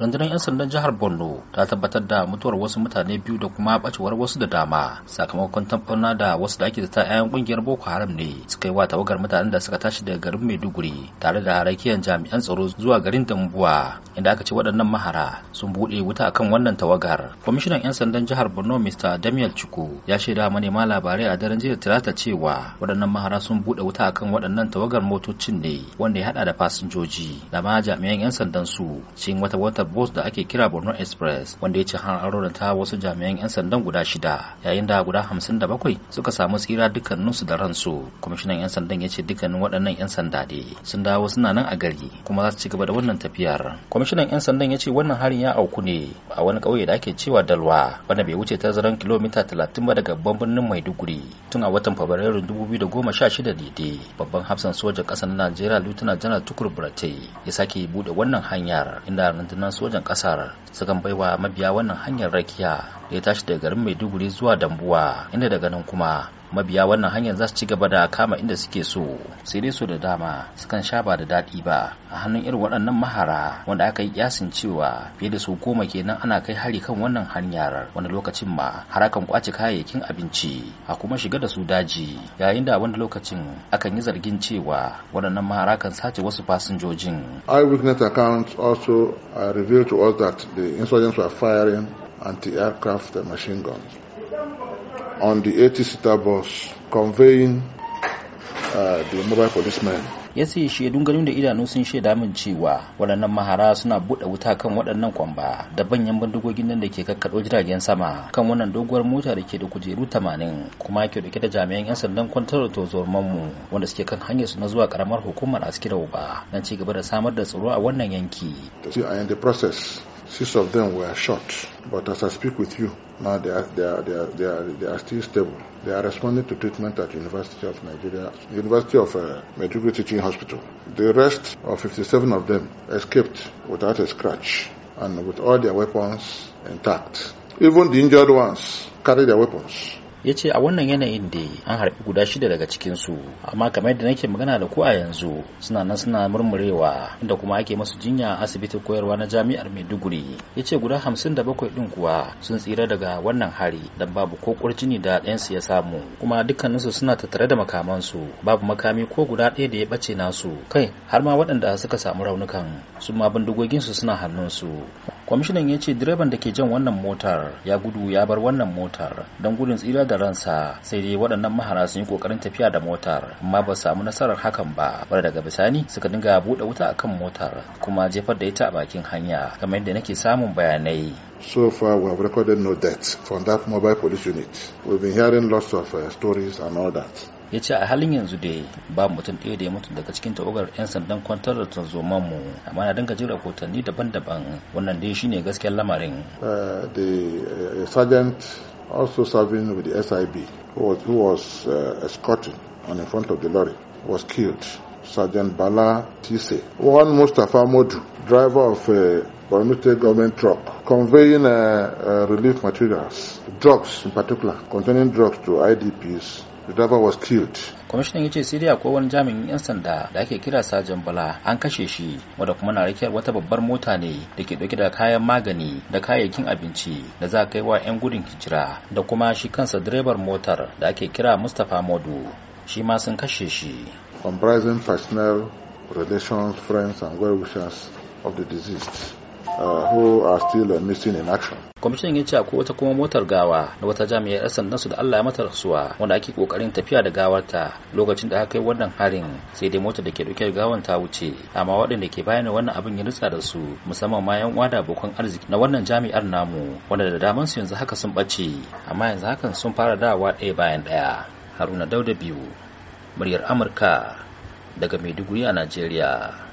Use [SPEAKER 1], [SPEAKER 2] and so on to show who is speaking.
[SPEAKER 1] rundunar 'yan sandan jihar borno ta tabbatar da mutuwar wasu mutane biyu da kuma bacewar wasu da dama sakamakon tamfana da wasu da ake zata 'yan kungiyar boko haram ne suka yi wa tawagar mutanen da suka tashi daga garin maiduguri tare da harakiyar jami'an tsaro zuwa garin dambuwa inda aka ce waɗannan mahara sun buɗe wuta akan wannan tawagar kwamishinan 'yan sandan jihar borno mr damiel chuku ya shaida manema labarai a daren jiya talata cewa waɗannan mahara sun buɗe wuta akan waɗannan tawagar motocin ne wanda ya haɗa da fasinjoji da ma jami'an 'yan sandan su cikin wata wata bus da ake kira borno express wanda ya ce an ta wasu jami'an 'yan sandan guda shida yayin da guda hamsin da bakwai suka samu tsira dukkaninsu da ransu kwamishinan 'yan sandan ya ce dukkanin waɗannan 'yan sanda ne sun dawo suna nan a gari kuma za su ci gaba da wannan tafiyar kwamishinan 'yan sandan ya ce wannan harin ya auku ne a wani ƙauye da ake cewa dalwa wanda bai wuce tazaran kilomita talatin ba daga babban birnin maiduguri tun a watan fabrairun 2016 daidai babban hafsan sojan ƙasar najeriya lieutenant janar tukur buratai ya sake buɗe wannan hanyar inda rundunar sojan kasar sukan baiwa mabiya wannan hanyar rakiya da ya tashi daga garin maiduguri zuwa dambuwa inda daga nan kuma mabiya wannan hanyar za su ci gaba da kama inda suke so sai dai su da dama sukan sha ba da daɗi ba a hannun irin waɗannan mahara wanda aka yi kyasin cewa fiye da su goma kenan ana kai hari kan wannan hanyar wani lokacin ma har akan kwace kayayyakin abinci a kuma shiga da su daji yayin da wani lokacin akan yi zargin cewa waɗannan mahara kan sace wasu fasinjojin
[SPEAKER 2] eyewitness accounts also uh, revealed to us that the insurgents were firing anti-aircraft machine guns
[SPEAKER 1] on the 80-seater bus conveying uh, the mobile policemen. ya ce shaidun ganin da idanu sun shaida min cewa waɗannan mahara suna buɗe wuta kan waɗannan kwamba da banyan bindigogin nan da ke kakkaɗo jiragen sama kan wannan doguwar mota da ke da kujeru 80 kuma ke dauke da jami'an 'yan sandan kwantar da tozorman mu wanda suke kan hanyar su na zuwa karamar hukumar askira uba don ci gaba da samar da tsaro a wannan yanki. Six of them were shot, but as I speak with you, now they are, they are, they are, they are, they
[SPEAKER 2] are still stable. They are responding to treatment at University of Nigeria, University of uh, Medjugorje Teaching Hospital. The rest of 57 of them escaped without a scratch and with all their weapons intact. Even the injured ones carry their weapons.
[SPEAKER 1] ya ce a wannan yanayin da an harbi guda shida daga cikinsu amma kamar yadda nake magana da ku a yanzu suna nan suna murmurewa inda kuma ake masu jinya a asibitin koyarwa na jami'ar maiduguri ya ce guda hamsin da bakwai ɗin kuwa sun tsira daga wannan hari dan babu ko kurjini da ɗayansu ya samu kuma dukkaninsu suna tattare da makamansu babu makami ko guda ɗaya da ya ɓace nasu kai har ma waɗanda suka samu raunukan su ma bindigoginsu suna hannunsu kwamishinan ya ce direban da ke jan wannan motar ya gudu ya bar wannan motar don gudun tsira da ransa sai dai waɗannan mahara sun yi ƙoƙarin tafiya da motar amma ba samu nasarar hakan ba wadda daga bisani suka dinga buɗe wuta a kan motar kuma jefar da ita a bakin hanya kamar yadda nake samun bayanai
[SPEAKER 2] So far, we have recorded no deaths from that mobile police unit. We've been hearing lots of uh, stories and all that.
[SPEAKER 1] ya ce a halin yanzu dai ba mutum ɗaya da ya mutu daga cikin tawagar 'yan sandan kwantar da tarzoman mu amma na rahotanni daban-daban wannan dai shine gaskiyar lamarin
[SPEAKER 2] uh, the uh, sergeant also serving with the SIB who was, who was uh, escorting on the front of the lorry was killed Sergeant Bala Tise. One Mustafa Modu, driver of a Borno State government truck, conveying uh, uh, relief materials, drugs in particular, containing drugs to IDPs The was killed.
[SPEAKER 1] Kwamishinan ya ce sai dai akwai wani jami'in 'yan sanda da ake kira Sajan Bala an kashe shi wanda kuma na rakiyar wata babbar mota ne da ke dauke da kayan magani da kayayyakin abinci da za kai wa 'yan gudun hijira da kuma shi kansa direbar motar da ake kira Mustapha Modu shi ma sun kashe shi.
[SPEAKER 2] Comprising personnel, relations, friends and well-wishers of the deceased. Uh, who are still missing in action.
[SPEAKER 1] Kwamishinan ya ce akwai wata kuma motar gawa na wata jami'ar 'yan sandansu da Allah ya mata rasuwa wanda ake kokarin tafiya da gawarta lokacin da aka yi wannan harin sai dai motar da ke dauke da gawan ta wuce amma waɗanda ke bayan wannan abin ya nutsa da su musamman ma yan wada abokan arziki na wannan jami'ar namu wanda da daman su yanzu haka sun ɓace, amma yanzu hakan sun fara dawowa ɗaya bayan ɗaya haruna dauda biyu muryar amurka daga maiduguri a najeriya